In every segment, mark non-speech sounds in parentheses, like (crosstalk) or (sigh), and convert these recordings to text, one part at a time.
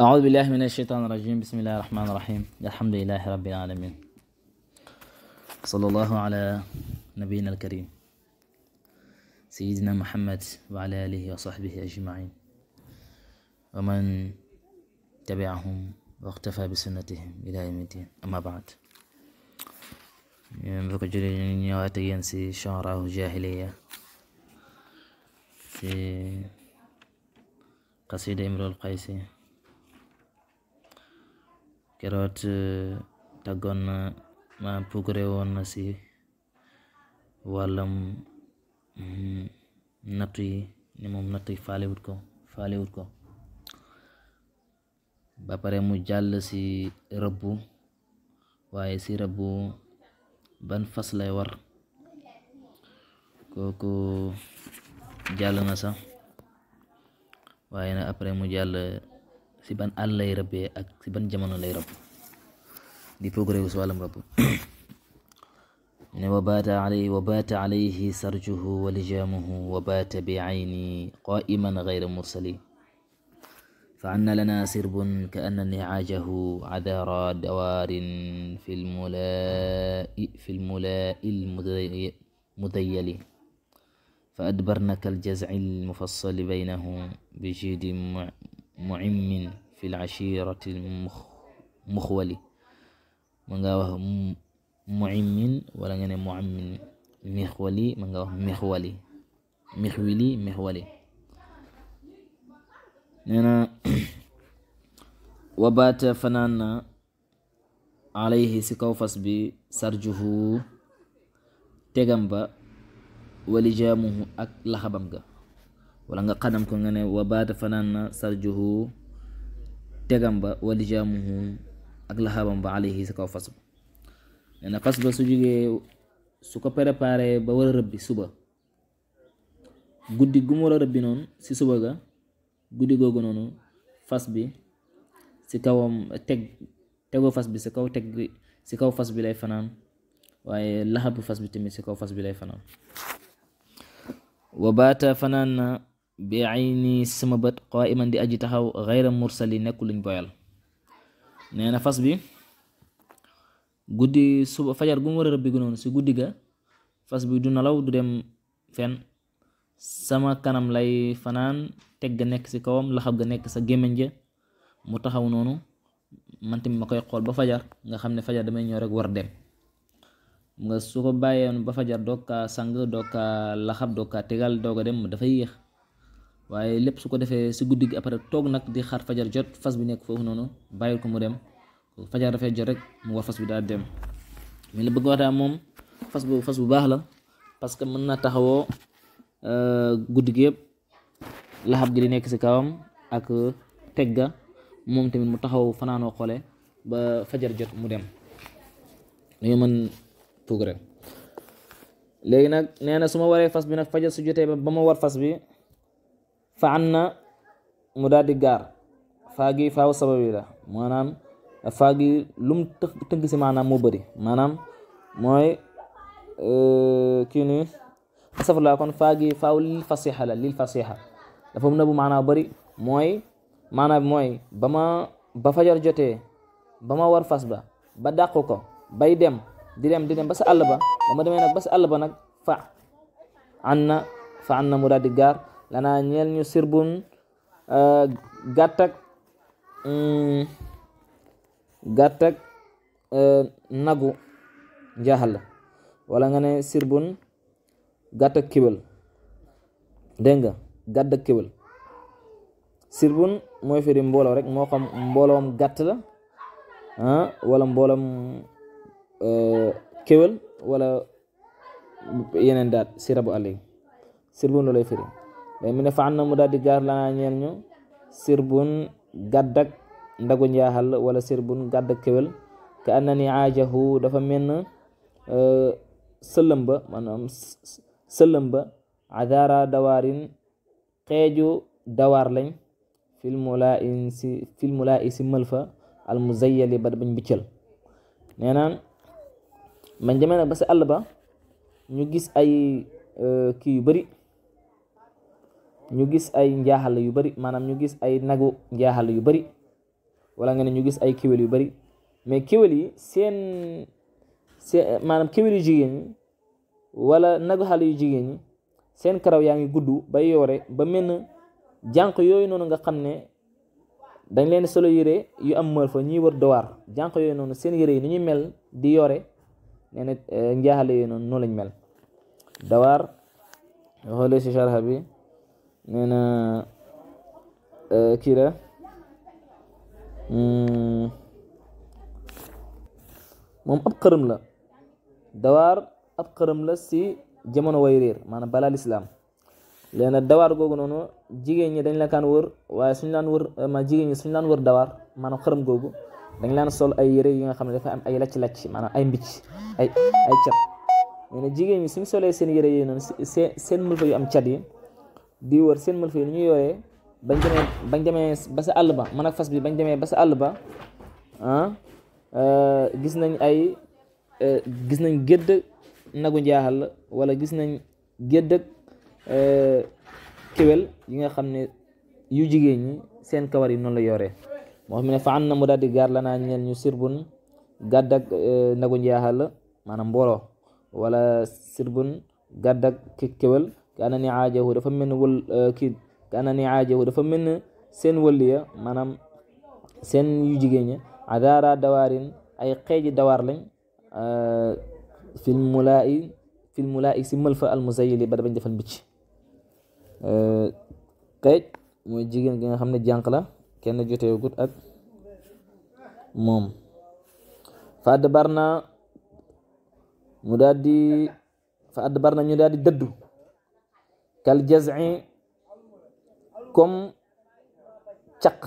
أعوذ بالله من الشيطان الرجيم بسم الله الرحمن الرحيم الحمد لله رب العالمين صلى الله على نبينا الكريم سيدنا محمد وعلى آله وصحبه أجمعين ومن تبعهم واقتفى بسنتهم إلى يوم الدين أما بعد mbokk jullit ñu ñëwaat ak yéen si chanrahu jahiliya si qasida Imrul Qaysi keroot eh, tàggoon na ma pugre woon na si wàllam mm, nattu yi ni moom nattu yi faalewut ko faalewut ko ba pare mu jàll si rëbbu waaye si rëbbu ban fas lay war kooku jàll na sax waaye nag après mu jàll si ban àll lay rëbbee ak si ban jamono lay rëbb di progré wu si wàllam rëbb (coughs) ne wa baata alayhi wa baata alayhi sarjuhu wa lijaamuhu wa baata bi ayni qaa'iman gayra mursali فعنا لنا سرب كأن نعاجه عذار دوار في الملاء في الملاء المذيل فأدبرنا كالجزع المفصل بينه بجيد muimmin fi lashirati muxwali ma nga wax muimmin wala nga ne muammin mixwali ma nga wax mixwali mixwili mixwali nee na wabaata fanaan na alayhi si kaw fas bi sarjuhu tegam ba walijaamuhu ak laxabam ga wala nga xadam ko nga ne wa baata fanaan na sarjuhu tegam ba wa lijaamuhu ak laxaabam ba alayhi kaw fas ba nee na fas ba su jógee su ko préparé ba war rëbbi suba guddi gu mu rëbbi noonu si suba ga guddi googu noonu fas bi si kawam teg fas bi si kaw teg si kaw fas bi lay fanaan waaye laxabu fas bi tamit si kaw fas bi lay fanaan wa baata bi ay nii sama bët xoo iman di aji taxaw xayra mursali nekk luñ boyal nee na fas bi guddi suba fajar gu mu war a rëbbi gu noonu si guddi ga fas bi du nalaw du dem fen sama kanam lay fanaan teg ga nekk si kawam laxab ga nekk sa gémmiñ ja mu taxaw noonu man tamit ma koy xool ba fajar nga xam ne fajar damay ñëw rek war dem nga su ko bàyyeen ba fajar doog kaa sang doog laxab doog kaa tegal doog a dem dafay yéex waaye lépp su ko defee si guddi gi après toog nag di xaar fajar jot fas bi nekk foofu noonu bàyyil ko mu dem fajar dafay jot rek mu war fas bi daal dem mais li bëgg waxtaan moom fas bu fas bu baax la parce que mën na taxawoo euh, guddi gi yëpp laxab di nekk si kawam ak tegga moom tamit mu taxaw fanaanoo xoole ba fajar jot mu dem dañoo mën tuug rek léegi nag nee su ma waree fas bi nag fajar su jotee ba ma war fas bi fa anna mu daal di gaar faa gi faaw sabab yi la maanaam faa gi lum tënk si maanaam moo bari maanaam mooy euh, kii nii safla kon faa gi faaw lil fasiha la lil fasiha dafa mu nëbbu maana bari mooy maanaam mooy ba ma ba fajar jotee ba ma war fas ba ba dàq ko bay dem di dem di dem ba sa àll ba ba demee nag ba sa ba nag fa anna fa mu daal di gaar lanaa ñeel ñu sirbun gàttak euh, gàttak mm, euh, nagu la wala nga ne sirbun gàttak kibal dégg nga gàttak kibal sirbun mooy firi mbooloo rek moo xam mbooloom gàtt la ah, wala mbooloom euh, kéwél wala yeneen daat sirabu àll yi sirbun loolay firi Eh, mu ne fa an mu daal di gaar lanaa ñeel ñu sirbun gàddak ndagu njaaxal wala sirbun gàddak kéwél ka an na ni aajahu dafa menn eh, sëlëmba maanaam dawaarin xeeju dawaar lañ filmulaa in si mël fa al ba bañ biccal nee man jamee ba si àll ba ñu gis ay eh, kii yu bari ñu gis ay njaaxal yu bari maanaam ñu gis ay nagu njaaxal yu bari wala nga ñu gis ay kéwél yu bari mais kéwél yi seen seen maanaam kéwél yu jigéen ñi wala nagu xale yu jigéen ñi seen karaw yaa ngi gudd ba yoore ba mel na jànq yooyu noonu nga xam ne dañ leen solo yére yu am mër fa ñuy wër dowaar jànq yooyu noonu seen yére yi ni ñuy mel di yore nee na eh, njaaxale yooyu noonu noonu lañ mel dowaar xoolee si charxa bi nee e, kii la hmm. moom ab xërëm la dawaar ab xërëm la si jamono way réer maanaam balaa lislaam léegi nag dawaar googu noonu jigéen ñi dañ la kaan wër waaye suñ laan wër ma ñi suñ laan wër dawaar maanaam xërëm googu dañ laan sol ay yére yi nga xam ne dafa am ay lacc-lacc maanaam ay mbicc ay ay cat nee na jigéen ñi suñ solee seen yére yooyu noonu seen seen mëfa yu am cat yi di seen mal fii nu ñu yoree bañ demee bañ ba sa àll ba man ak fas bi bañ demee ba sa àll ba ah euh, gis nañ ay euh, gis nañ gédd nagu njaaxal wala gis nañ gédd ak euh, kéwél yi nga xam ne yu jigéen ñi seen kawar yi noonu la yoree moo xam ne fa an na mu daal di gaar la naa ñeel ñu sirbun gàdd ak nagu njaaxal maanaam mbooloo wala sirbun gàdd ak kéwél ka anna ni aajahu dafa mel ni wal euh, kii ka dafa mel ni seen waliya maanaam seen yu jigéen ña adaara dawaarin ay xeeji dawar lañ euh, fil mulaa'i fil mulaa'i si mël fa almusayili ba dabañ defal mbicc xeej euh, mooy jigéen gi nga xam ne jànq la kenn joteegut ak moom fa adbarna mu daal di fa adbarna ñu daal di dëddu kal jazi comme caq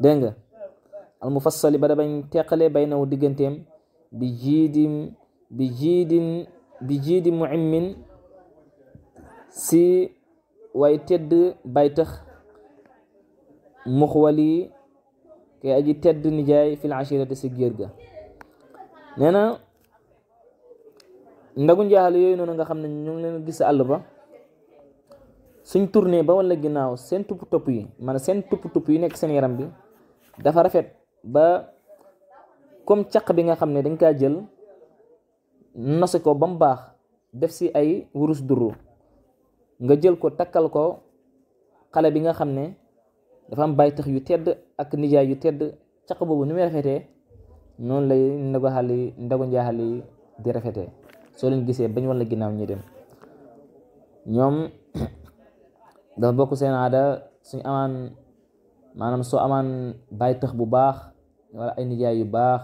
dégg nga al mufassali ba da bañ teqale baynahu digganteem bi jiidim jiidin bi jiidi si way tedd baytax muxwali kay aji tedd nijaay fil ashirati si géer ga nee na ndagu njaaxal yooyu noonu nga xam na ñu leen gis àll ba suñ tourné ba wala ginnaaw seen tupp topp yi maanaam seen tupp tupp yi nekk seen yaram bi dafa rafet ba comme caq bi nga xam ne dañ kaa jël nose ko ba mu baax def si ay wurus duru nga jël ko takkal ko xale bi nga xam ne dafa am bàyyi tax yu tedd ak nijaay yu tedd caq boobu ni muy rafetee noonu lay ndago xal yi ndago njaaxal di rafetee soo lañ gisee bañ wala ginnaaw ñi dem ñoom dafa bokk seen aada suñ amaan maanaam soo amaan bàyyi tëx bu baax wala ay nijaay yu baax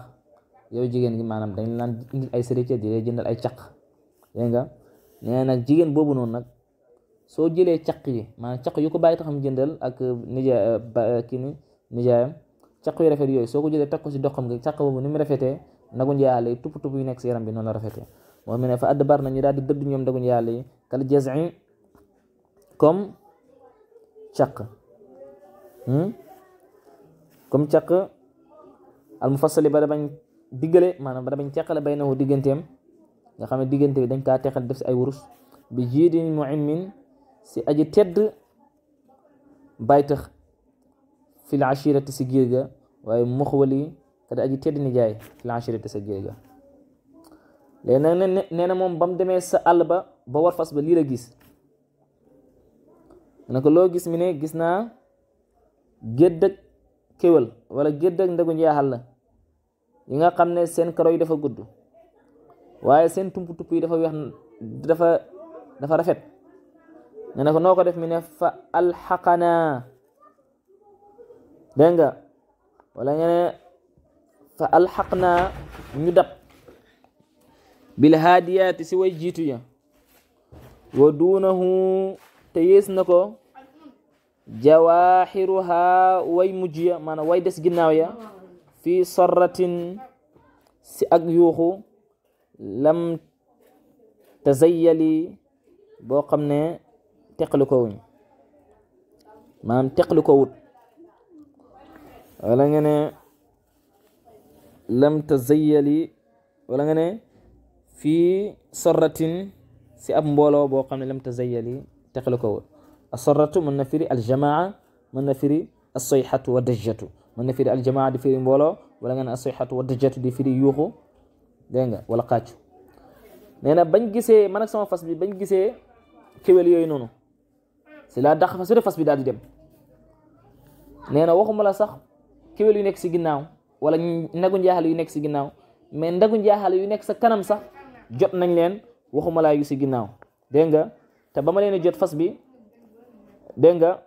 yow jigéen gi maanaam dañ laan ay serite di lay jëndal ay caq dégg nga nee jigéen boobu noonu nag soo jëlee caq yi maanaam caq yu ko bàyyi taxam jëndal ak nijaay euh, euh, kii ni nijaayam caq yu rafet yooyu soo ko jëlee teg ko si doxam gi caq boobu ni mu rafetee ndagu njaale tupp tupp yu nekk si yaram bi noonu la rafetee moo di dëdd ñoom ndagu njaale kal jasin comme caq hmm? comme caq al mufassali ba da bañ diggale maanaam ba da bañ teqale bay nawu digganteem nga xam ne diggante bi dañ kaa teqal def si ay wurus bi jiidin muimmin si aji tedd baytax fil ashirati si giir ga waaye muxwali kada aji tedd ni jaay fil ashirati sa giir ga léegi nag moom ba mu sa àll ba ba war fas ba lii gis ne ko loo gis mi ne gis naa gédd ak wala gédd ak ndagu njaaxal la yi nga xam ne seen karo yi dafa gudd waaye seen tump tupp dafa weex dafa dafa rafet nga ne ko noo ko def mi ne fa alxaqanaa dégg nga wala nga ne fa alxaqnaa ñu dab bil haadiyaati si way jiitu ya wa duunahu te yées na ko jawaaxiruha way mujj ya maanaam way des ginnaaw ya fii sorratin si ak yuuxu lam tazayyali boo xam ne teqlu ko wuñ maanaam teqlu ko wut wala nga ne lam tazayyali wala nga ne fii sorratin si ab mbooloo boo xam ne lam tazayyali teqale ko woon a mën na firi aljamaa mën na firi assoyxatu wa dajjatu mën na firi aljamaa di firi mbooloo wala nga ne assoyxatu wa dajjatu di firi yuuxu dégg nga wala xàccu nee na bañ gisee man fas bi bañ gisee kéwél yooyu noonu si laa dàq fas bi daal di dem nee na waxuma la sax kéwél yu nekk si ginnaaw wala ndagu njaaxal yu nekk si ginnaaw mais ndagu njaaxal yu nekk sa kanam sax jot nañ leen waxuma laa si ginnaaw te ba ma leen jot fas bi dégg nga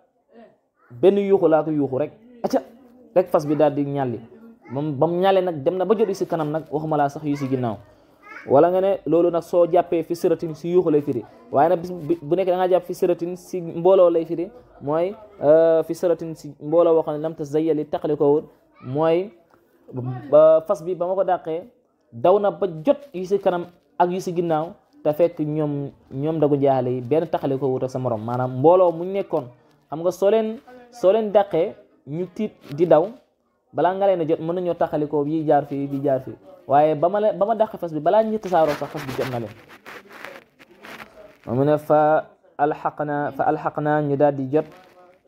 benn yuuxu laa ko yuuxu rek aca rek fas bi daal di ñàlli moom ba mu nag dem na ba jot yi si kanam nag waxuma laa sax yu si ginnaaw wala nga ne looloo nag soo jàppee fi siratin si yuuxu lay firi waaye na bis bu nekk da ngaa jàpp fi siratin si mbooloo lay firi mooy euh, fi siratin si mbooloo waxoon ne lam ta zayyali taqali ko wut mooy fas bi ba ma ko dàqee daw na ba jot yu si kanam ak yu si ginnaaw te fekk ñoom ñoom dagu jaxale yi benn taxale ko wut ak sa morom maanaam mbooloo muñ nekkoon xam nga soo leen soo leen dàqee ñu tiit di daw balaa nga leen a jot mën nañoo taxale ko yi jaar fi bi jaar fii waaye ba ma leen ba ma dàqee fas bi balaa ñuy tasaaroo sax fas bi jot na leen mu ne fa alxaqna fa alxaqna ñu daal di jot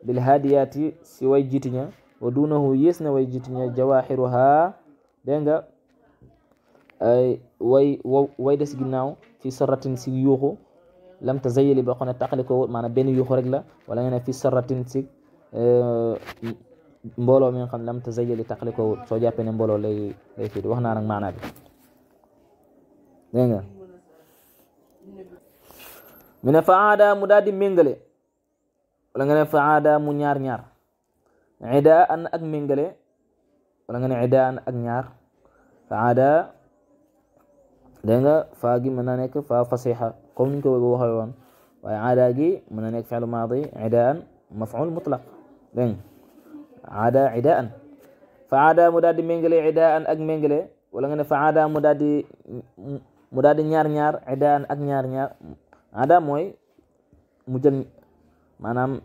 bil haadiyaati si way jiitiña wa duunahu yées na way jiitiña jawaaxiruha dégg nga ay way way des ginnaaw fi sarratin si yuuxu lam ta zayeli boo xam ne taqali ko maanaam benn yuuxu rek wala nga ne fi sarratin si euh, mbooloo mi nga xam ne lam ta zayeli taqali ko soo jàppee ne mbooloo lay lay firi wax naa nag maanaa bi dégg nga mu mu daal di méngale wala nga ne faada mu ñaar ñaar ida an ak méngale wala nga ne ida an ak ñaar faada dégg nga faa gi mën na nekk faa fasixa comme niñ ko waxee woon waaye aada gi mën na nekk fi'lu maadi idaan maf'ul mutlaq dégg nga aada idaan fa aada mu daal di méngale idaan ak méngale wala nga ne fa aada mu daal di mu daal di ñaar ñaar idaan ak ñaar ñaar aada mooy mu jël maanaam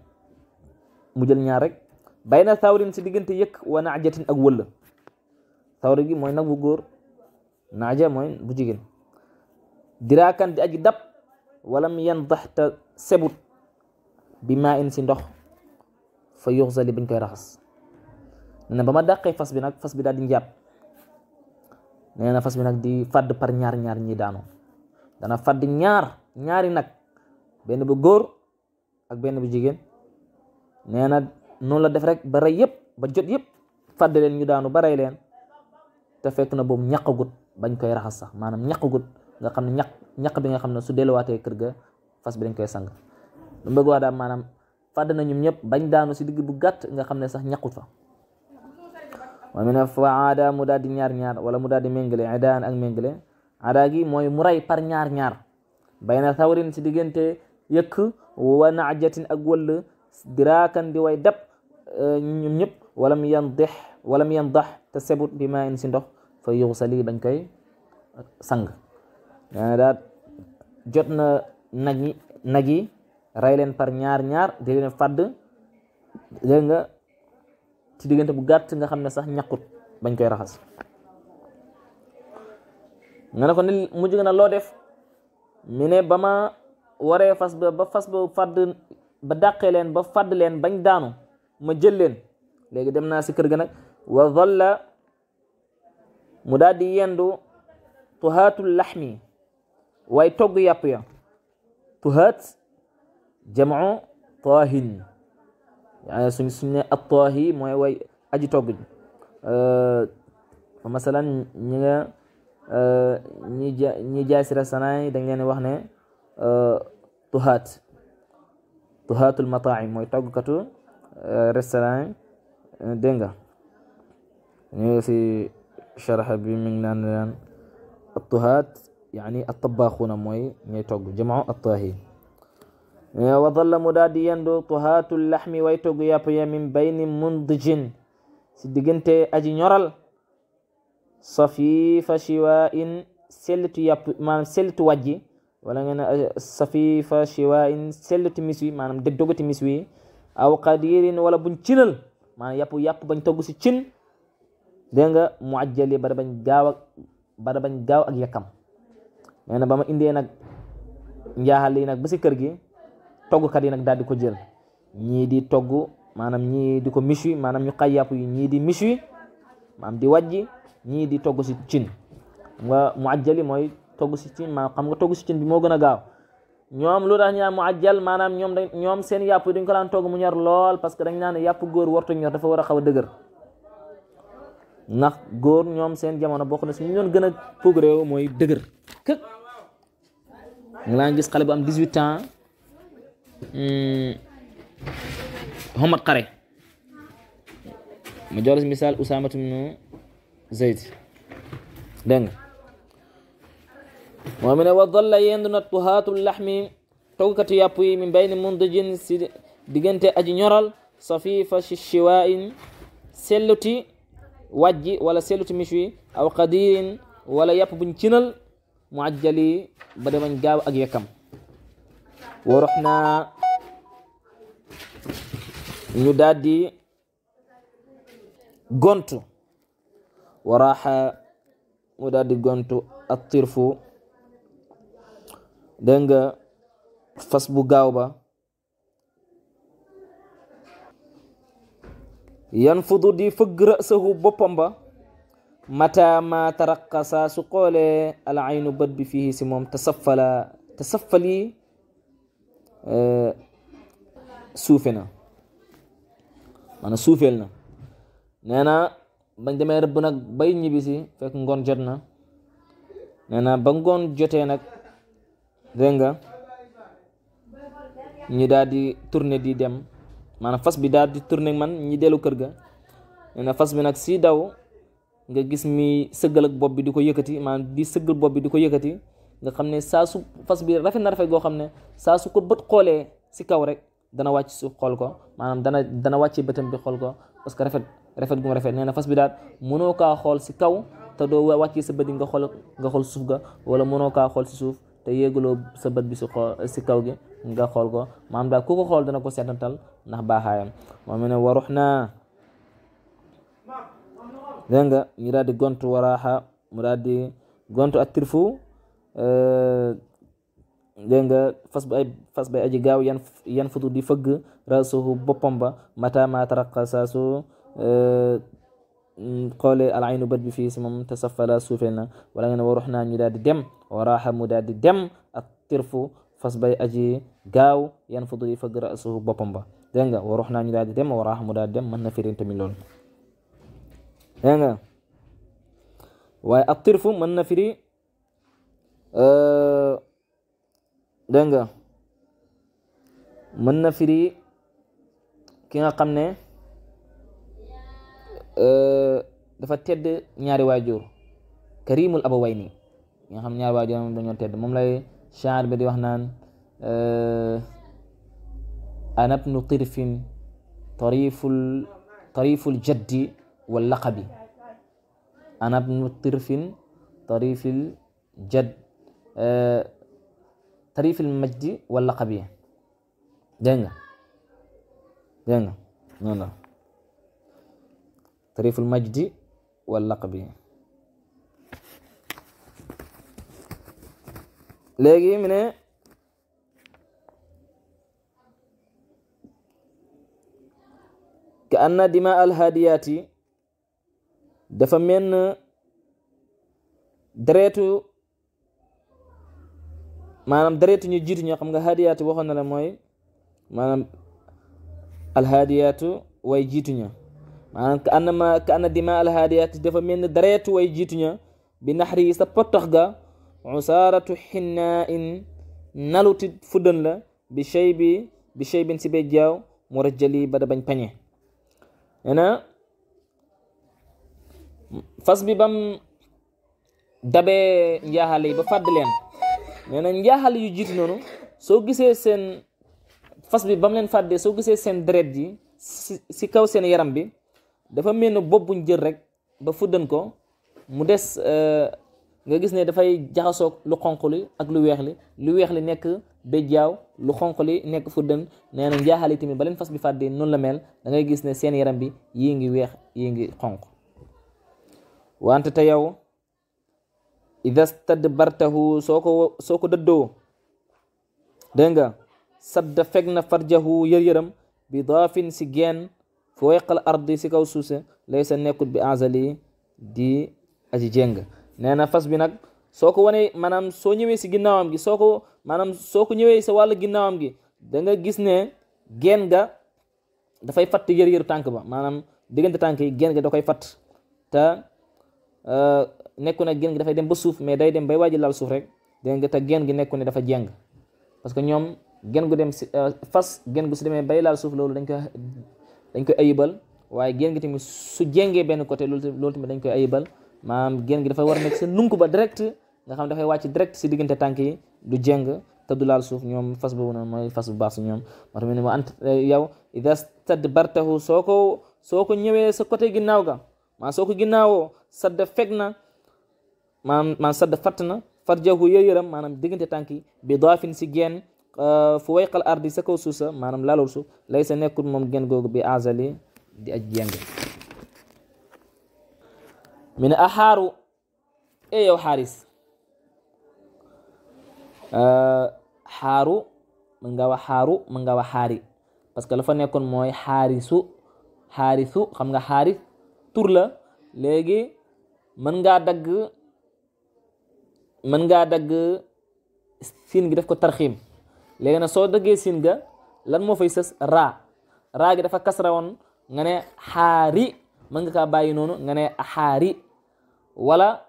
mu jël ñaar rek bayna sawrin si diggante yëkk wa naajatin ak wëll sawri gi mooy nag bu góor naaja mooy bu jigéen diraakan di aji dab walam yandax te sebut bi maa in si ndox fa yuxsali bañ koy raxas nee na ba ma dàqee fas bi nag fas bi daal di njàpp nee na fas bi nag di fàdd par ñaar ñaar ñi daanoo dana fàdd ñaar ñaari nag benn bu góor ak benn bu jigéen nee na noonu la def rek ba rey yëpp ba jot yëpp fàdd leen ñu daanu ba rey leen te fekk na boobu ñàqagut bañ koy raxas sax maanaam ñàqagut nga xam ne ñaq ñaq bi nga xam ne su delluwaatee kër ga fas bi dañ koy sang lu bëgg wax daal maanaam fàdd na ñum ñëpp bañ daanu si digg bu gàtt nga xam ne sax ñaqut fa wa mi ne fa aada daal di ñaar ñaar wala mu daal di méngale adaan ak méngale aada gi mooy mu ray par ñaar ñaar na sawrin si diggante yëkk wa naajatin ak wëll diraakan di way dab eh, ñum ñëpp wala mu walam yandax te sebut bi maa in si ndox fa yuxsali dañ koy sang nee na daal jot na nag yi nag yi rey leen par ñaar ñaar di leen fàdd dégg nga ci diggante bu gàtt nga xam ne sax ñaqut bañ koy raxas nga ne ko mu mujj na loo def mi ne ba ma waree fas ba fas ba fàdd ba dàqee leen ba fàdd leen bañ daanu ma jël leen léegi dem naa si kër ga nag wa dhalla mu daal di yendu tuhaatul laxmi way togg yàpp ya tuhaat jamcu taahin suñ suñ ne at taahi mooy way aji togg ji masalan ñi nga ñi jaay si restaurant yi dañ leen wax ne tuhaat tuhaatul mataaim mooy toggkatu restaurant yi dégg nga ñu si sharax bi mi ngi naan tuhaat yaani attabaaxuuna mooy ñooy togg jamaa attaahi wa dalla mu daal di yendu tuhaatu laxmi way togg yàpp ya min bayni mundijin si diggante aji ñoral safifa shiwa in sellitu yàpp maanaam wala nga ne euh, safifa shiwa in sellitu mis wi maanaam de dogati mis wi aw wala buñ cinal maanaam yàpp bañ togg si cin dégg nga mu ajjali bada bañ gaaw ak gaaw ak yakkam ma na ba ma indee nag njaaxal yi nag ba si kër gi toggkat yi nag daal di ko jël ñii di togg maanaam ñii di ko michu maanaam ñu xay yàpp yi ñii di ma maanaam di wàjji ñii di togg si cin nga mu ajjali mooy togg si cin maa xam nga togg si cin bi moo gën a gaaw ñoom lu tax ñaa mu ajjal maanaam ñoom ñoom seen yàpp dañ ko daan togg mu ñor lool parce que dañ naan yàpp góor wartu ñor dafa war a xaw a dëgër ndax góor ñoom seen jamono bokk na si ñu doon gën a progré mooy dëgër këk nga gis xale bu am 18 ans hmm. Mohamed Xare ma jox misaal Usaama ibn Zayd dégg nga moom mu ne wa dalla yendu na tuhaatul laxmi toggkatu yàpp yi min bayni mundajin si diggante aji ñoral safifa shiwaain selluti wàjji wala selluti miche aw qadirin wala yàpp buñ cinal mu ajjali ba demañ gaaw ak yekkam wa naa ñu daldi gontu wa raaxa mu daldi gontu ak tirfu dégg nga fas bu gaaw ba yan fudu di fëgg rësahu boppam ba mata ma taraqasa su xoolee al aynu bët bi fii si moom tasafala tasafali eh, suufe na maanaam suufel na nee na bañ demee rëbb nag bay ñibbisi fekk ngoon jot na nena na ba ngoon jotee nag dégg nga ñu daal di tourné di dem maanaam fas bi daal di tourné man ñi dellu kër ga nee na fas bi nag si daw nga gis mi sëggal ak bopp bi di ko yëkkati maanaam di sëggal bopp bi di ko yëkkati nga xam ne saa su fas bi rafet na rafet goo xam ne saa su ko bët xoolee si kaw rek dana wàcc suuf xool ko maanaam dana dana wàccee bëtam bi xool ko parce que rafet rafet gu rafet nee na fas bi daal mënoo kaa xool si kaw te doo wàccee sa bët yi nga xool nga xool suuf ga wala mënoo kaa xool si suuf te yéegaloo sa bët bi si xool si kaw gi nga xool ko maam daal ku ko xool dana ko seetantal ndax baaxaayam moo mu ne warux naa dégg nga ñu daal di gontu waraaxa mu daal di gontu ak tirfu euh, dégg nga fas bay aji gaaw yan yan futu di fëgg rasuhu boppam ba mata ma taraqa saa su euh, xoolee al aynu bët bi fii si moom tasafala suufee na wala nga ne warux naa ñu daal di dem waraaxa mu daal di dem ak tirfu fas aji gaaw yan fudu yi fëgg rasuhu boppam ba dégg nga warux naa ñu daal di dem waraaxa mu daal di dem mën na firin tamit loolu dégg nga waaye ak tirfu mën na firi dégg nga mën na firi kinga nga xam ne dafa tedd ñaari waajur karimul abawayni yi xam ñaar waajuram moom dañoo tedd moom lay shaar bi di wax naan ana bnu tirfin tariful tariful jaddi wal laqabi ana bnu tirfin tarifil jadd tarifil majdi wal laqabi dégg nga dégg nga noonu la tariful majdi wal léegi mu ne ka anna dima alhaadiyaati dafa mel na deretu maanaam deretu ñu jiitu ñoo xam nga haadiyaati waxoon na la mooy maanaam alhaadiyaatu way jiitu ña maanaam ka anna ma dima alhaadiyaati dafa mel na deretu way jiitu ña bi naxari sa potox ga usaaratu xinnaa in naluti fuddan la bi shay bi bi si bay jaaw mu rajjali ba da bañ pañe nee fas bi bam dabee njaaxale yi ba fàdd leen nee na njaaxale yu jiitu noonu soo gisee seen fas bi bam leen fàddee soo gisee seen deret ji si kaw seen yaram bi dafa mel ni bopp buñ jël rek ba fuddan ko mu des euh, nga gis ne dafay jaxasoog lu xonq li ak lu weex li lu weex li nekk béjjaaw lu xonq li nekk fuddën nee na njaaxal yi tamit ba fas bi fàddee noonu la mel da ngay gis ne seen yaram bi yi ngi weex yii ngi xonq wante te yow ida stadbartahu soo ko soo ko dëddoo dégg nga sadda feg na farjahu yër-yëram bi daafin si geen foo weqal ardi si kaw suuse lay sa nekkut bi angeli di aji nee na fas bi nag soo ko wanee maanaam soo ñëwee si ginnaawam gi soo ko maanaam soo ko ñëwee sa wàllu ginnaawam gi da nga gis ne geen ga dafay fatt yër-yëru tànk ba maanaam diggante tànk yi geen ga da koy fatt te euh, nekku nag geen gi dafay dem ba suuf mais day dem bay waaji laal suuf rek dégg nga te geen gi nekku ne dafa jeng parce que ñoom gen gu dem si euh, fas gen gu su demee bay laal suuf loolu dañ koy dañ koy ayibal waaye gen gi tamit su jengee benn côté loolu tamit dañ koy ayibal maanaam génn gi dafa war a nekk sa nunk ba direct nga xam dafay wàcc direct si diggante tànk yi du jeng te du laal suuf ñoom fas boobu noonu mooy fas bu baax si ñoom moo tax mu ne ma ant yow ida stadbartahu soo ko soo ko ñëwee sa côté ginnaaw ga maa soo ko ginnaawoo sadda fekk na maa maanaam sadda fatt na farjahu yëyëram maanaam diggante tànk yi bi daafin si génn euh, fu wayqal ardi sa kaw suuf sa maanaam laalul su lay sa nekkul moom génn googu bi azali di aj jeng min a e yow xaaris xaaru mën nga wax xaaru mën nga wa xaari parce que la fa nekkoon mooy xaarisu xaarisu xam nga xaari tur la léegi mën ngaa dagg mën ngaa dagg siin gi def ko tarxiim léegi nag soo daggee siin ga lan moo fay sës raa raa gi dafa kasra woon nga ne xaari mën nga kaa bàyyi noonu nga ne xaari wala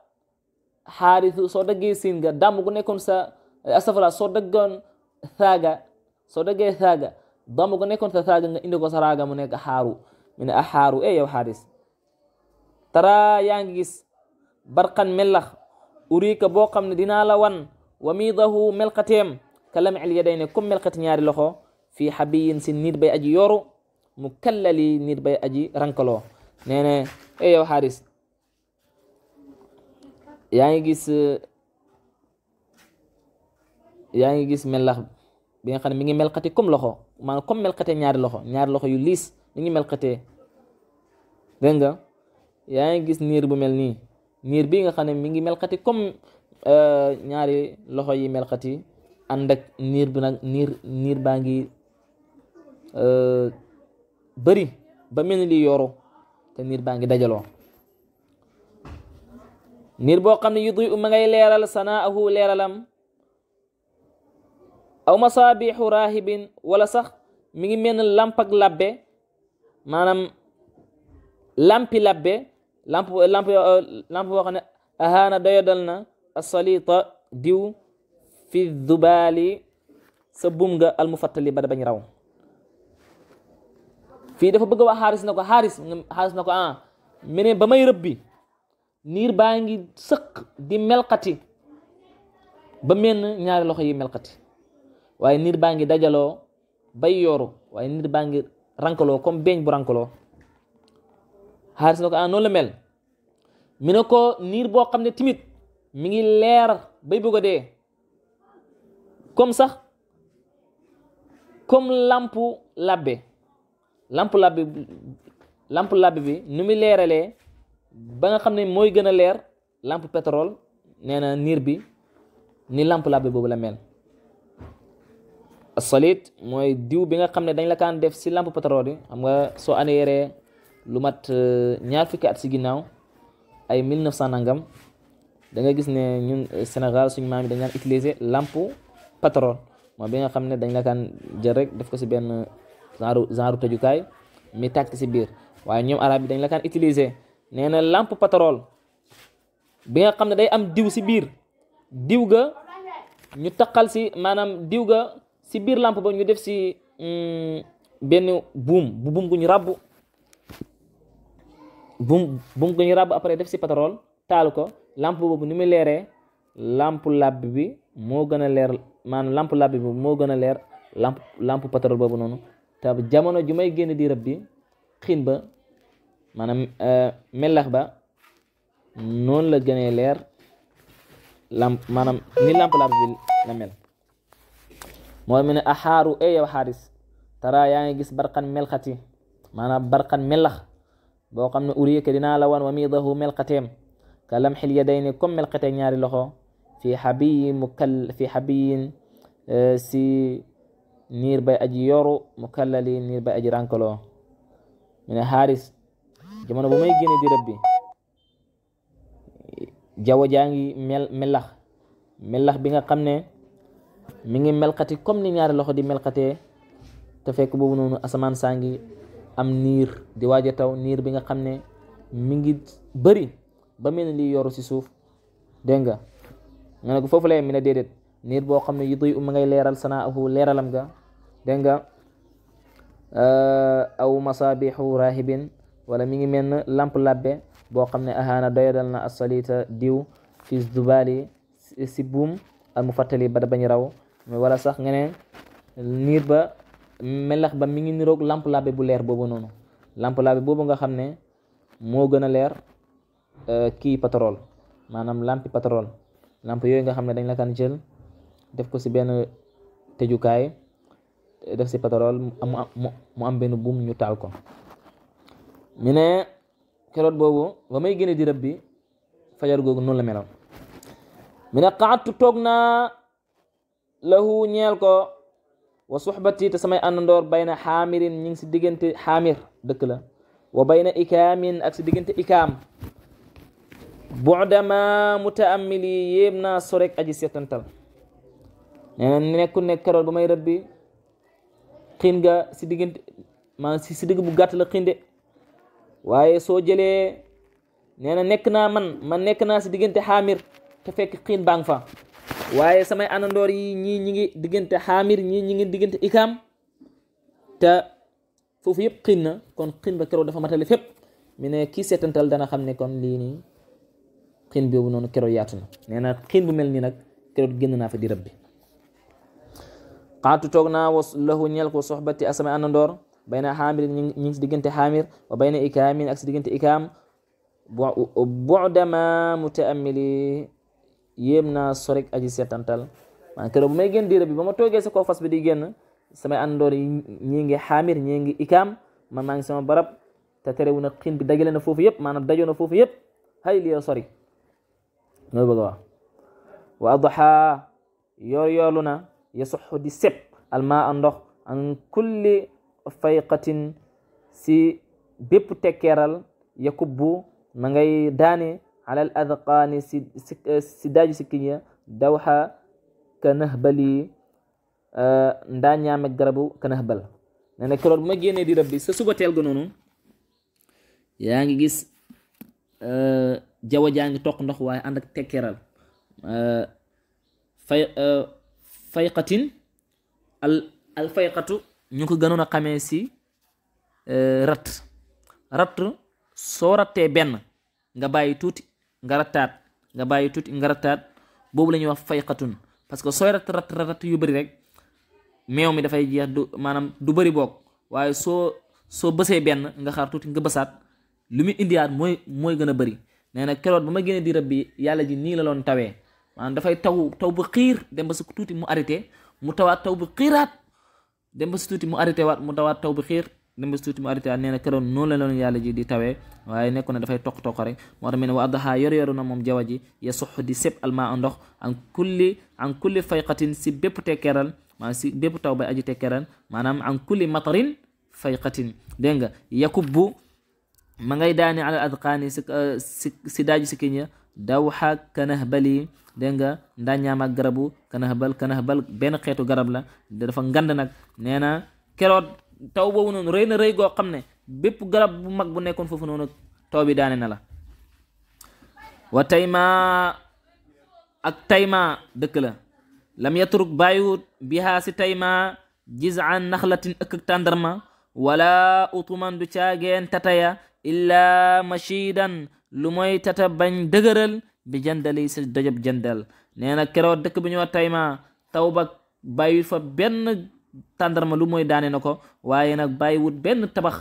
xaarisu soo daggee siin ga dàmm gu nekkoon sa eh, astafurlah soo daggoon saaga soo daggee saaga dàmm gu nekkoon sa saaga nga indi ko mu nekk xaaru mu ne a ah, xaaru xaaris eh, tara yaa ngi gis barqan melax uriika boo xam ne dinaa la wan wa miidahu melxateem ka lamcel yaday ne comme melxati ñaari loxo fii xabiyin si nit bay aji yoru mu kallali nit bay aji rankaloo nee ne e eh, xaaris yaa ngi gis yaa ngi gis melax bi nga xam ne mi ngi melxate comme loxo maanaam comme melxate ñaari loxo ñaari loxo yu liis ni ngi melxatee dégg nga yaa ngi gis niir bu mel nii niir bi nga xam ne mi ngi melxati kom euh, ñaari loxo yi melxati ànd ak niir bi nag niir niir baa ngi euh, bëri ba mel ni li yoru te niir baa ngi dajaloo niir boo xam ne yuduy u ma ngay leeral sanaahu leeralam aw masaabixu raahibin wala sax mi ngi mel ne lamp ak labbe maanaam lampi labbe lamp lamp lamp boo xam ne ahaana doyadal na asalita diw fi dubaali sa buum nga almufattali ba da bañ raw fii dafa bëgg wax xaaris na ko xaaris xaaris na ko ah mene ba may rëbbi niir baa ngi sëq di melxati ba menn ñaari loxo yi melxati waaye niir baa ngi dajaloo bay yoru waaye niir baa ngi rankaloo comme beeñ bu rankaloo xaaris na ko ah noonu la mel mi ne ko niir boo xam ne timit mi ngi leer bay bëgg a dee comme sax comme lampu labbe lamp labbe lampu labbe bi nu mu leeralee ba nga xam ne mooy gën a leer lamp pétrole nee na niir bi ni lampe làbbe boobu la mel salit mooy diw bi nga xam ne dañ la kaan def si lampe pétrole yi xam nga soo anéeree lu mat euh, ñaar fukki si ginnaaw ay mille neuf cent nangam da gis ne ñun euh, Sénégal suñu maam yi dañ daan utiliser lampe pétrole mooy bi nga xam ne dañ la kaan jël rek def ko si benn genre genre tëjukaay mi tàkk si biir waaye ñoom arab yi la kaan utiliser nee na lampe pétrole bi nga xam ne day am diw si biir diw ga ñu taqal si maanaam diw ga si biir lampe ba ñu def si mm, benn buum bu buum gu ñu ràbb buum buum gu ñu ràbb def si pétrole taal ko lampe boobu ni muy leeree lampe làbb bi moo gën a leer maanaam lampe làbb bi moo gën a leer lampe lampe boobu noonu te jamono ju may di rëb xiin ba maanaam euh, melax ba noonu la gënee leer lamp maanaam ni lamp lamp bi la mel mooy mu ne axaaru e yow xaaris tara yaa ngi gis barqan melxati maanaam barqan melax boo xam ne uriyeka dinaa la wan wa miidahu melxateem ka lamxil yadayni comme melxate ñaari loxo fi xabiyi mukal fi xabiyin euh, si niir bay aji yoru mukallali niir bay aji rànkaloo mu ne xaaris jamono bu may génne di rëbb bi jaww jaa ngi mel melax melax bi nga xam ne mi ngi melxati comme ni ñaari loxo di melxatee te fekk boobu noonu asamaan saa ngi am niir di waaja taw niir bi nga xam ne mi ngi bëri ba mel ni liy yoru si suuf dégg nga nga foofu lay mi ne déedéet niir boo xam ne yu doy ma ngay leeral sanaahu leeralam ga dégg nga aw masabixu rahibin wala mi ngi mel ne lamp labbe boo xam ne ahaana doyadal na asalita diw fi zubali si buum amu mu fattali ba da bañ raw wala sax nga ne niir ba melax ba mi ngi niroog làmp labbe bu leer boobu noonu lamp labbe boobu nga xam ne moo gën a leer euh, kii pétrole maanaam lampi pétrole lamp yooyu nga xam ne dañ la kan jël def ko si benn tëjukaay def si pétrole mu am benn buum ñu taal ko mi ne keroog boobu ba may génne di rëb bi fajar googu noonu la meloon mi ne toog na lahu ñeel ko wa suxbati te samay àndandoor bayna xaamirin ñi ngi si diggante xaamir dëkk la wa bayna ikaamin ak si diggante ikaam bucdama mutaamili yéem sorek aji seetantal nee na nekku ba may rëb bi ga si diggante maa si digg bu gàtt la waaye soo jëlee nee na nekk naa man man nekk naa si diggante xaamir te fekk xiin baa fa waaye samay anandoor yi ñii ñi ngi diggante xaamir ñii ñi ngi diggante ikaam te foofu yëpp xiin na kon xiin ba keroog dafa matale fépp mi ne kii seetantal dana xam ne kon lii nii xiin boobu noonu keroog yaatu na nee na xiin bu mel ni nag keroog génn naa fa di rëbbi xaatu toog naa was lahu ñel ko soxbati asamay anandoor bayna xaamirin ñu ngi si diggante xaamir wa bayna ikaamin ak si diggante ikaam bu'dama mutaamili yéem naa sorek aji seetantal man kero bu may génn diira bi ba ma toogee sa ko fas bi di génn samay àndoor ñii ngi xaamir ñii ngi ikaam man maa ngi sama barab te terewu na xiin bi dajale na foofu yëpp maanaam dajo na foofu yëpp hay lii sori ñoo bëgg a wax wa adxaa yoor yoorlu na yasuxu di sep almaa ndox an kulli fayqatin si bépp tekkeeral yakubbu ma ngay daane alal adqaani si si daaju sikkiñ ya dawxa ka nahbali euh, ndaa ñaame garabu ka nahbal ne na bu ma génnee di rabbi sa suba teel noonu yaa ngi gis euh, jawa jaa ngi toq ndox waaye ànd ak euh, fayqatin al fayqatu ñu ko gënoon a xamee si euh, ratt ratt soo rattee benn nga bàyyi tuuti nga rattaat nga bàyyi tuuti nga rattaat boobu la ñuy wax fayqatun parce que sooy ratt ratt yu bëri rek meew mi dafay jeex du maanaam du bëri boog waaye soo soo bësee benn nga xaar tuuti nga bësaat lu muy indiwaat mooy mooy gën a bëri nee na keroog ba ma génnee di rab bi yàlla ji nii la loon tawee maanaam dafay taw taw bu xiir dem ba su tuuti mu arrêté mu tawaat taw bu xiiraat dem ba si tuuti mu arrêté waat mu dawaat taw bi xiir dem ba si tuuti mu arrêté waat nee keroon noonu la loon yàlla ji di tawee waaye nekkoon ne dafay toq toq rek moo tax mu ne wa addahaa yor yoru na moom jawa ji ya sux di sëb almaa ndox an kulli an kulli fayqatin si bépp tekkeral maanaam si bépp taw bay aji tekkeral maanaam an kulli matarin fayqatin dégg nga yakubbu ma ngay daani ala adqaani si si si daaju si kiñ dawxa kanaxbali dégg nga ndañaam ak garabu kanaxbal kanaxbal benn xeetu garab la dafa ngand nag nee na keroot taw boobu noonu rëy na rëy goo xam ne bépp garab bu mag bu nekkoon foofu noonu taw bi daane na la wa tayma ak tayma dëkk la lam yatruk bàyyiwut bihaa tayma jiz'an naxlatin ëkk ak wala utuman du tataya illa mashidan lu mooy tata bañ dëgëral bi jëndali si dojab jëndal nee na keroot dëkk bi ñu wax Tayma taw ba bàyyi fa benn tàndarma lu mooy daane na ko waaye nag bàyyiwut benn tabax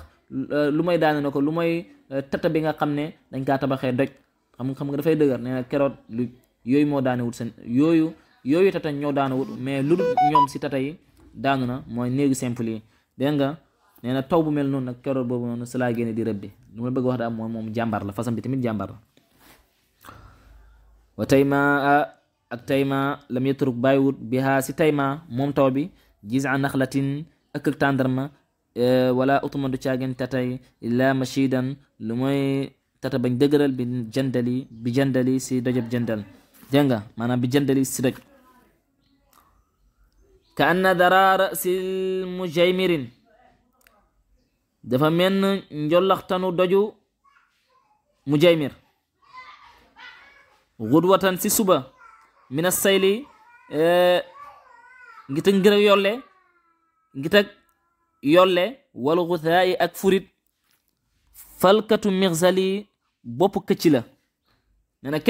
euh, lu mooy daane na ko lu mooy euh, tata bi nga xam ne dañ kaa tabaxee doj xam xam nga dafay dëgër nee keroot yooyu moo daane wut seen yooyu yooyu tata ñoo daane wut mais lu ñoom si tata yi daanu na mooy néegu simple yi dégg nga nee taw bu mel noonu nag keroog boobu noonu salaa génne di rëbbi lu ma bëgg wax daal moom moom jàmbar la façon bi tamit jàmbar la wa taymaa ah, lam yatruk bàyyiwut biha si taymaa moom taw bi gis a naxlatin ëkkal tàndarma eh, wala utumandu caagin tatay illa mashidan lu mooy tata bañ dëgëral bi jëndali si dojab jëndal dégg nga maanaam bi jëndali si doj ka anna dara rasil mujaymirin dafa menn njollaxtanu doju mu jaymir gudwatan si suba mina sayli e, ngita ngërëg yolle ngitag yolle wal xutaayi ak furit falkatu mixzali bopp këcci la nee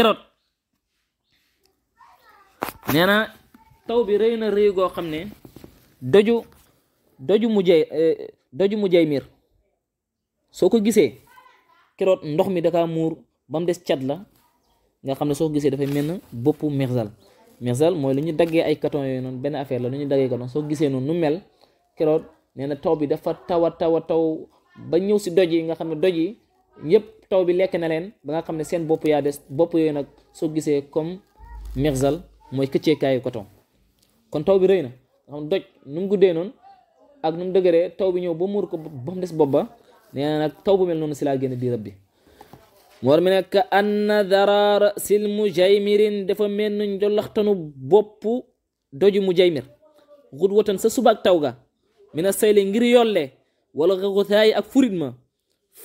nena taw bi rëy na rëy goo xam ne doju doju mu jay e, doju mu soo ko gisee keroot ndox mi dakaa muur ba mu des cat la nga xam ne soo ko gisee dafay mel na boppu merzal merzal mooy lu ñu daggee ay carton yooyu noonu benn affaire la lu ñu daggee soo ko noonu mel keroot nee na taw bi dafa taw a taw a taw ba ñëw si doj yi nga xam ne doj yi yëpp taw bi lekk na leen ba nga xam ne seen bopp yaa des bopp yooyu nag soo gisee comme merzal mooy këcceekaayu coton kon taw bi rëy na nga xam doj nu mu guddee noonu ak nu mu dëgëree taw bi ñëw ba muur ko ba mu des bopp ba nee na nag taw bu mel noonu si laa génn biirab bi moor mi ne ka anna daraara sil mujaymirin dafa mel ni njolaxtanu bopp doju mujaymir xud watan sa subaak taw ga mi na sayle ngir yolle wala xutaay ak furit ma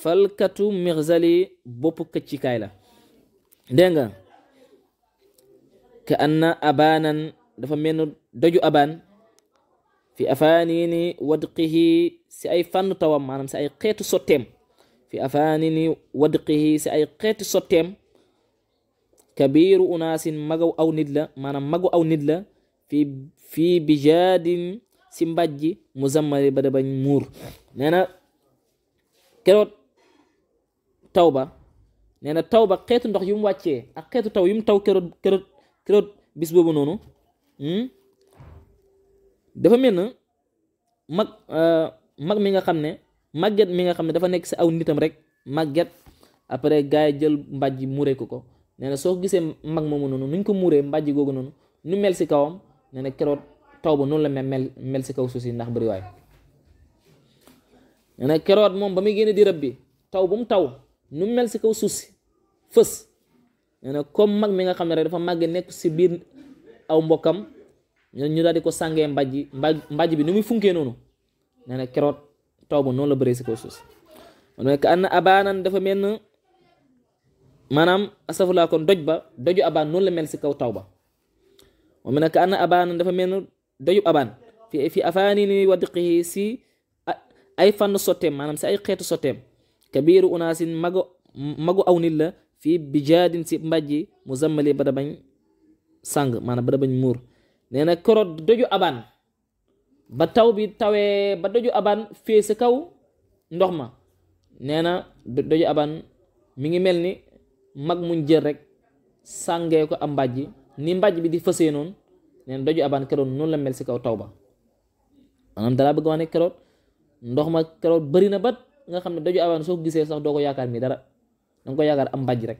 falkatu mixzali bopp këccikaay la dégg ka anna abaanan dafa mel ni doju abaan fi afaaniini wadqihi si ay fànn tawam maanaam si ay xeetu sotteem fi afaanini wadqihi si ay xeeti sotteem kabiiru unaasin magaw aw nit la maanaam magu aw nit la fii fii bijaadin si mbàjji muzammali ba dabañ muur nee na keroot tawba nee na tawba xeetu ndox yu mu wàccee ak xeetu taw yu mu taw keroot keroot keroot bis boobu noonu hmm, dafa mel mag mi nga xam ne màgget mi nga xam ne dafa nekk si aw nitam rek màgget après gars yi jël mbàjj muure ko ko nee soo gisee mag moomu noonu nuñ ko muuree mbàjj googu noonu nu mel si kawam nee keroot taw ba noonu la mel mel si kaw suuf si ndax bëri waay nee na keroog moom ba muy génne di rëb bi taw bu mu taw nu mel si kaw suuf si fës nee comme mag mi nga xam ne rek dafa màgg nekk si biir aw mbokkam ñu daal di ko sàngee mbàjj mbàjj bi nu muy funkee noonu nee na keroot taw ba noonu la bëree si kaw suuf mu nekk ànd abaanan dafa mel ne maanaam asafulaa kon doj ba doju abaan noonu la mel si kaw taw ba moom mu na ànd abaanan dafa mel ne doju abaan fi fi afaani ni wa diqihi si ay fànn sotteem maanaam si ay xeetu sotteem kabiiru unaasin mago mago aw nit la fii bijaadin si mbàjji mu zammali bada bañ sàng ba bada bañ muur nee na keroot doju abaan ba taw bi tawee ba doju aban fee sa kaw ndox ma nee na doju aban mu ngi mel ni mag muñ jël rek sàngee ko am mbàjj ni mbàjj bi di fësee noonu nee na doju aban keroot noonu la mel si kaw taw ba maanaam dalaa bëgg wax ne ndox ma keroot bëri na ba nga xam ne doju aban soo gisee sax doo ko yaakaar mi dara danga ko yaakaar am mbàjj rek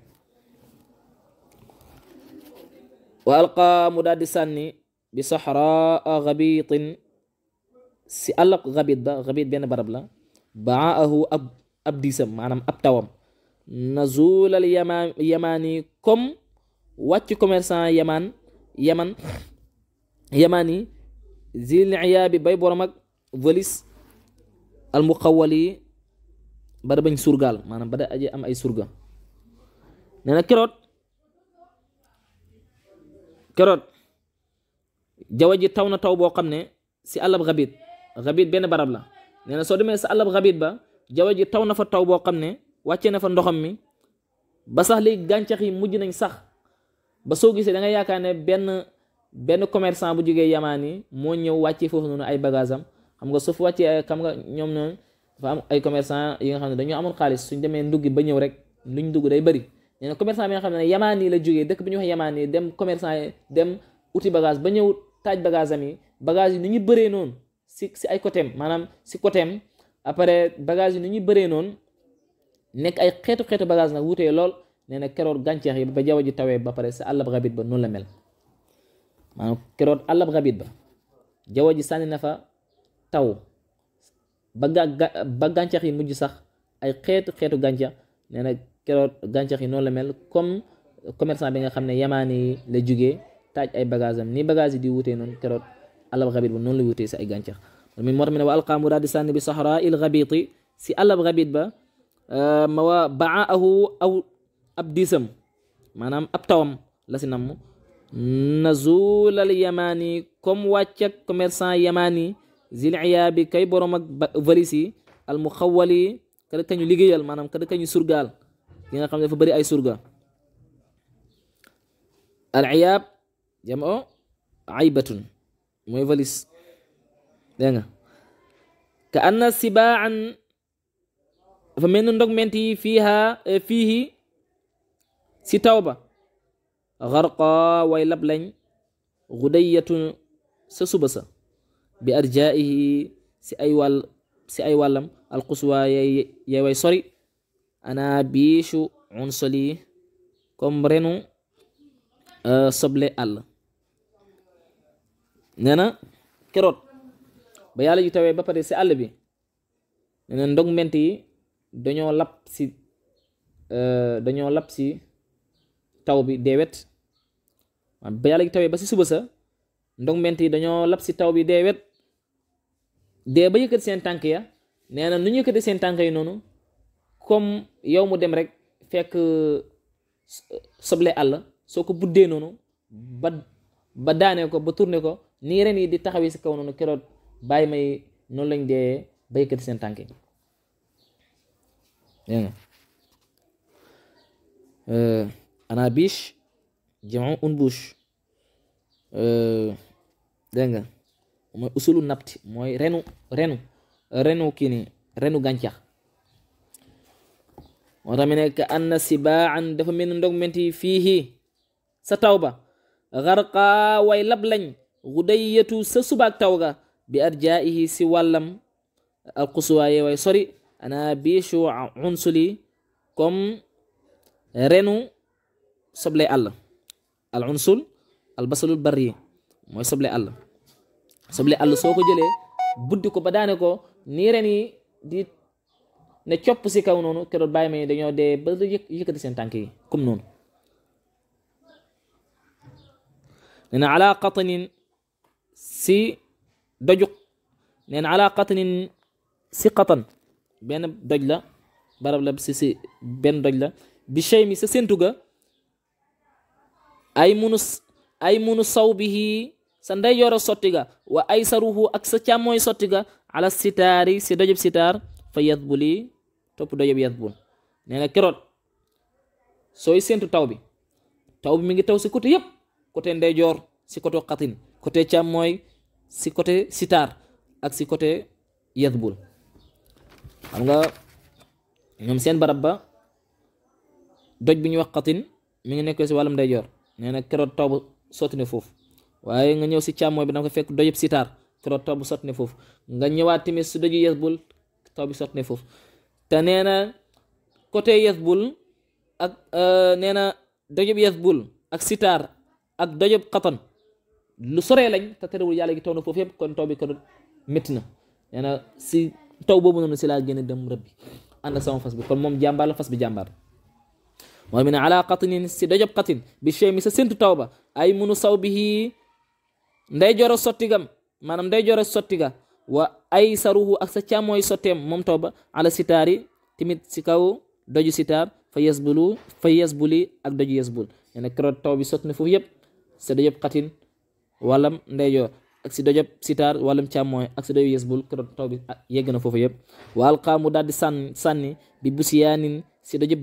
wa alqa mu di sànni bi saxraa gabitin si àllab rabit ba rabit benn barab la baahu ab ab diisam maanaam ab tawam nazulal yamaa yamaani comme wàcc commerçant yamaan yaman yamaan yi zil bi bay borom volis al muqawal yi bada bañ surgaal maanaam bada keroot keroot jaww ji taw na taw boo xam ne si àllab rabit rabit benn barab la nee soo demee sa àllab rabit ba jaww ji taw na fa taw boo xam ne wàccee na fa ndoxam mi ba sax léegi gàncax yi mujj nañ sax ba soo gisee da nga yaakaar ne benn benn commerçant bu jógee yamaan yi moo ñëw wàccee foofu noonu ay bagage xam nga suuf wàccee xam nga ñoom noonu dafa am ay commerçant yi nga xam ne dañoo amoon xaalis suñ demee nduggi ba ñëw rek luñ dugg day bëri nee na commerçant bi nga xam ne yamaan yi la jógee dëkk bi ñu wax dem commerçant dem uti bagage ba ñëw taaj bagage yi bagage yi ni ñu bëree noonu si si ay côté maanaam si côté après bagage yi ni ñuy bëree noonu nekk ay xeetu xeetu bagage nag wutee lool nee na keroog gàncax yi ba jaww ji tawee ba pare sa àllab rabit ba noonu la mel maanaam keroog àllab rabit ba jaww ji sànni na fa taw ba ga ba gàncax yi mujj sax ay xeetu xeetu gàncax nee na keroog gàncax yi noonu la mel comme commerçant bi nga xam ne yi la jógee taaj ay bagage am ni bagage yi di wutee noonu keroog àllab xabit ba noonu la wutee si ay gàncax min moo tax mu ne wa alqaa mu daal di sànni bi saxraa il xabiti si àllab xabit ba euh, ma wa baa ahu aw ab diisam maanaam ab tawam la si namm nazulal yamaani comme wàccak commerçant yamaani zil iyaabi kay borom ak valise yi al mu xawali kada kañu liggéeyal maanaam kada kañu surgaal yi nga xam ne dafa bëri ay surga al iyaab jamo aybatun mooy valise dégg nga ka anna sibaan dafa mel ni ndog menti fiiha eh, fiihi si taw ba xarqa way lab lañ xudayatun sa suba sa bi arjaihi si ay wàll si ay wàllam alquswa yay way sori ana biichu unsali comme renu eh, soble àll nee na keroot ba yàlla ji tawee ba pare si àll bi nee ndog ment yi dañoo lap si euh, dañoo lap si taw bi dee wet ba yàlla yu tawee ba si suba sa ndog ment yi dañoo lap si taw bi dee wet dee ba yëkkati seen tànk ya nee na nu ñu yëkkati seen tànk yi noonu comme yow mu dem rek fekk euh, soble àll soo ko buddee noonu ba ba daanee ko ba tourné ko nii ren yi di taxawi si kaw noonu keroog bàyyi may noonu lañ dee béykat seen tànk yi dégg nga euh, euh, dégg nga mooy usulu napti mooy renu renu renu kii renu gàncax moo tax mi ne ka anna sibaan dafa mel ni ndog menti fii sa taw ba xarqa way lab lañ gudayatu sa subaak taw ga bi arjaihi si wàllam alxusuwaa yee way sori ana bichu unsuli comme renu soble àll al unsul al basalul barri mooy soble àll soble àll soo ko jëlee buddi ko ba daane ko nii ren yi di ne copp si kaw noonu keroog bàyyi ma dañoo dee ba yëkkati seen tànk yi comme noonu nee na ala si dojuk neen ala qatnin si qatan benn doj la barab la benn doj la bi shay mi sa séntu ga ay munu saw bihi sa ndeyjoora sotti ga wa ay saruhu ak sa càmmooy sottiga ga ala sitaari si dojub sitaar fa yadbuli topp dojub yadbul nee na keroot sooy séntu taw bi taw bi mi ngi taw si côté yëpp côté ndeyjoor si côté katin côté càmmooy si côté sitar ak si côté yadbul xam nga ñoom seen barab ba doj bi ñu wax xatin mu ngi nekk si wàllum ndeyjoor nee na keroog taw bu sotti ne foofu waaye nga ñëw si càmmooy bi da nga fekk dojub sitar keroog taw bu sotti ne foofu nga ñëwaat tamit si doju yadbul taw bi sot ne foofu te nee na côté yadbul ak euh, nee na dojub yadbul ak sitar ak dojub xatan lu soree lañ te terewul yàlla gi taw na foofu yëpp kon taw bi kon métti na nee si taw boobu noonu si laa génne dem rëbbi ànd sama fas bi kon moom jàmbaar la fas bi jàmbaar mooy mu ne ala qatinin si dajob qatin bi chey sa séntu taw ba ay munu saw bihi nday joro sottigam maanaam nday joro sottiga wa ay saruhu ak sa càmmooy sotteem moom taw ba ala sitaari timit si kaw doju sitaar fa yesbulu fa yesbuli ak doju yesbul nee na keroog taw bi sotti na foofu yëpp sa dajob qatin wàllam ndeyjoor ak si dojab sitaar wàllam càmmooy ak si doyu na foofu yëpp waal xaamu daal di sànni sànni bi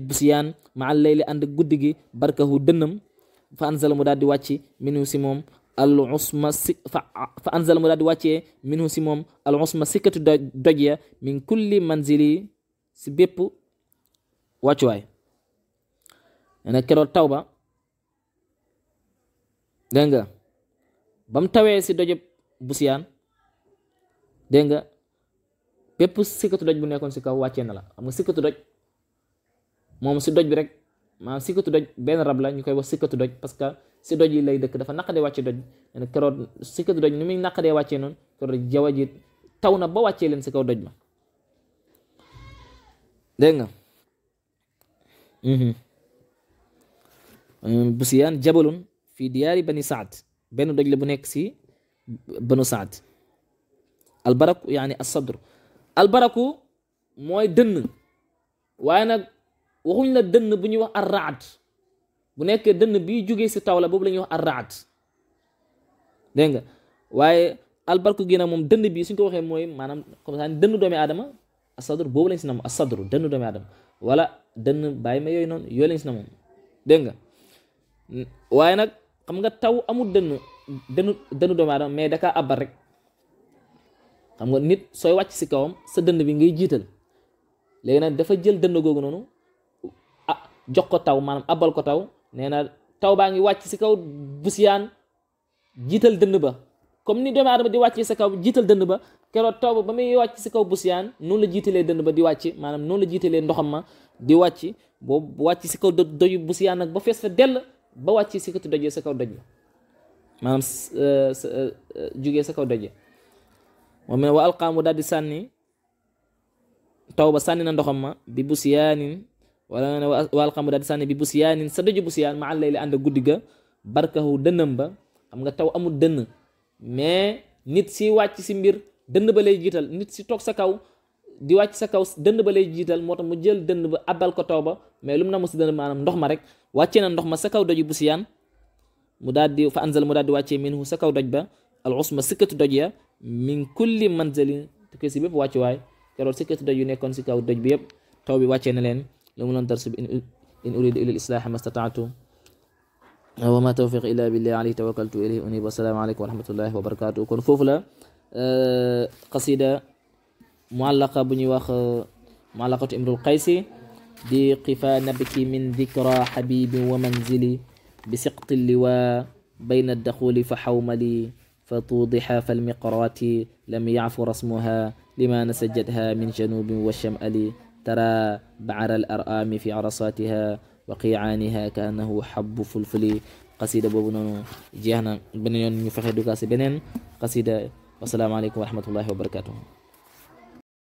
busiyaan ma al layli ànd guddi gi barkahu dënnam fa anzala mu daal di wàcc minu si moom al usma si fa anzala di wàccee minu si moom al usma sikkatu doj ya min kulli manzili si bépp wàccuwaay nee na keroog taw ba dégg nga ba mu tawee si dojub busiyaan dégg nga bépp sikkatu doj bu nekkoon si kaw wàccee na la xam nga sikkatu doj moom si doj bi rek ma sikkatu doj benn rab la ñu koy wax sikkatu doj parce que si doj yi lay dëkk dafa naqadee wàcce doj ne keroog sikkatu doj ni muy naqadee wàccee noonu keroog jaww taw na ba wàccee leen si kaw doj ma dégg nga mm-hmm. mm, busiyaan jabalun fi diyaari bani saad benn doj la bu nekk si banu saad albaraku yaani assadr albaraku mooy dënn waaye nag waxuñ la dënn bu ñuy wax arraad bu nekkee dënn bii jógee si taw la boobu la ñuy wax arraad dégg nga waaye albarku gi na moom dënn bii suñ ko waxee mooy maanaam comme ça dënn doomi aadama asadru boobu lañ si nam asadru dënn doomi aadama wala dënn bàyyi ma yooyu noonu yooyu lañ si na moom waaye nag xam nga taw amul dënn dënnu dënnu doomu aadama mais daka abal rek xam nga nit sooy wàcc si kawam sa dënn bi ngay jiital léegi nag dafa jël dënn googu noonu a ah, jox ko taw maanaam abal ko taw nee na taw baa ngi wàcc si kaw busiyaan jiital dënn ba comme ni doomu aadama di wàcc sa kaw jiital dënn ba keroog taw ba muy wàcc si kaw busiyaan noonu la jiitalee dënn ba di wàcc maanaam noonu la jiitalee ndoxam ma di wàcc boobu wàcc si kaw doju busiyaan nag ba fees fa dell ba wàcc si katu dojee sa kaw doj maanaam eh, eh, eh, jugee sa kaw doj moom ne wa alqaamu dal di sànni taw ba sànni na ndoxam ma bi bus yaanin wala nga ne wa alqaamu daal di sànni bi bus yaanin sa doju bus yaan ma àllay li ànd guddi ga barkahu dënnam ba xam nga taw amul dënn mais nit si wàcc si mbir dënn ba lay jiital nit si toog sa kaw di wàcc sa kaw dënd ba lay jiital moo tax mu jël dënd ba abal ko taw ba mais lu mu namu si dënd maanaam ndox ma rek wàccee ma sa kaw doju bu siyaan mu daal di fa anzal mu daal di wàccee minhu sa kaw doj ba al usma sikkatu doj ya min kulli manzalin te ko si bépp wàccu waay keroog sikkatu doj yu nekkoon si kaw doj bi yëpp taw bi wàccee na leen lu mu loon in uridu illa islaaha ma stataatu wa ma tawfiq illa billah alayhi tawakkaltu ilayhi unib wasalaamu aleykum wa rahmatullahi wa la euh, qasida muallaqa bu ñuy wax euh, muallaqatu imrul qaysi di qifa nabki min dikra xabibi wa manzili bi siqti liwa bayna daxuli fa xawmali fa tuudixa falmiqraati lam yacfu rasmuha lima nasajadha min janubin wa shamali tara bacra al arami fi arasatiha wa qiicaaniha ka annahu xabbu fulfuli qasida boobu noonu jeex na beneen yoon ñu fexe dugaa si beneen qasida wasalaamaaleykum wa rahmatullahi wa barakatuh